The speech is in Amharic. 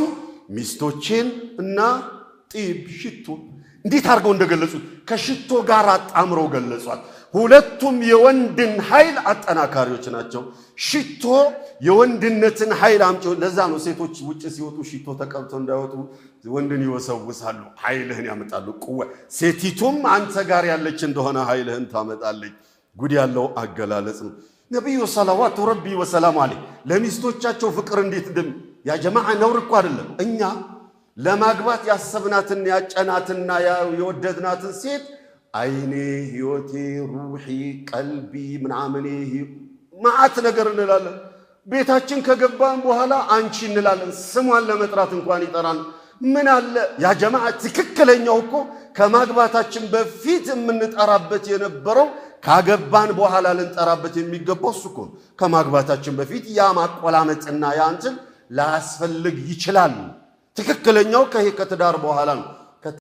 ም ሚስቶቼን እና ጢብ ሽቱ እንዴት አድርገው እንደገለጹት ከሽቶ ጋር አጣምረው ገለጿት። ሁለቱም የወንድን ኃይል አጠናካሪዎች ናቸው። ሽቶ የወንድነትን ኃይል አምጪ። ለዛ ነው ሴቶች ውጭ ሲወጡ ሽቶ ተቀብቶ እንዳይወጡ ወንድን ይወሰውሳሉ። ኃይልህን ያመጣሉ። ቁወ ሴቲቱም አንተ ጋር ያለች እንደሆነ ኃይልህን ታመጣለች። ጉድ ያለው አገላለጽ ነው። ነቢዩ ሰላዋቱ ረቢ ወሰላሙ አለ ለሚስቶቻቸው ፍቅር እንዴት ድም ያጀማዓ ነውር እኮ አይደለም። እኛ ለማግባት ያሰብናትን ያጨናትና የወደድናትን ሴት አይኔ፣ ህይወቴ፣ ሩሒ፣ ቀልቢ ምናምኔ ማዓት ነገር እንላለን። ቤታችን ከገባን በኋላ አንቺ እንላለን። ስሟን ለመጥራት እንኳን ይጠራን ምን አለ ያ ጀማዓ ትክክለኛው እኮ ከማግባታችን በፊት የምንጠራበት የነበረው ካገባን በኋላ ልንጠራበት የሚገባው እሱ እኮ ከማግባታችን በፊት ያ ማቆላመጥና ያ እንትን ላያስፈልግ ይችላል። ትክክለኛው ከትዳር በኋላ ነው።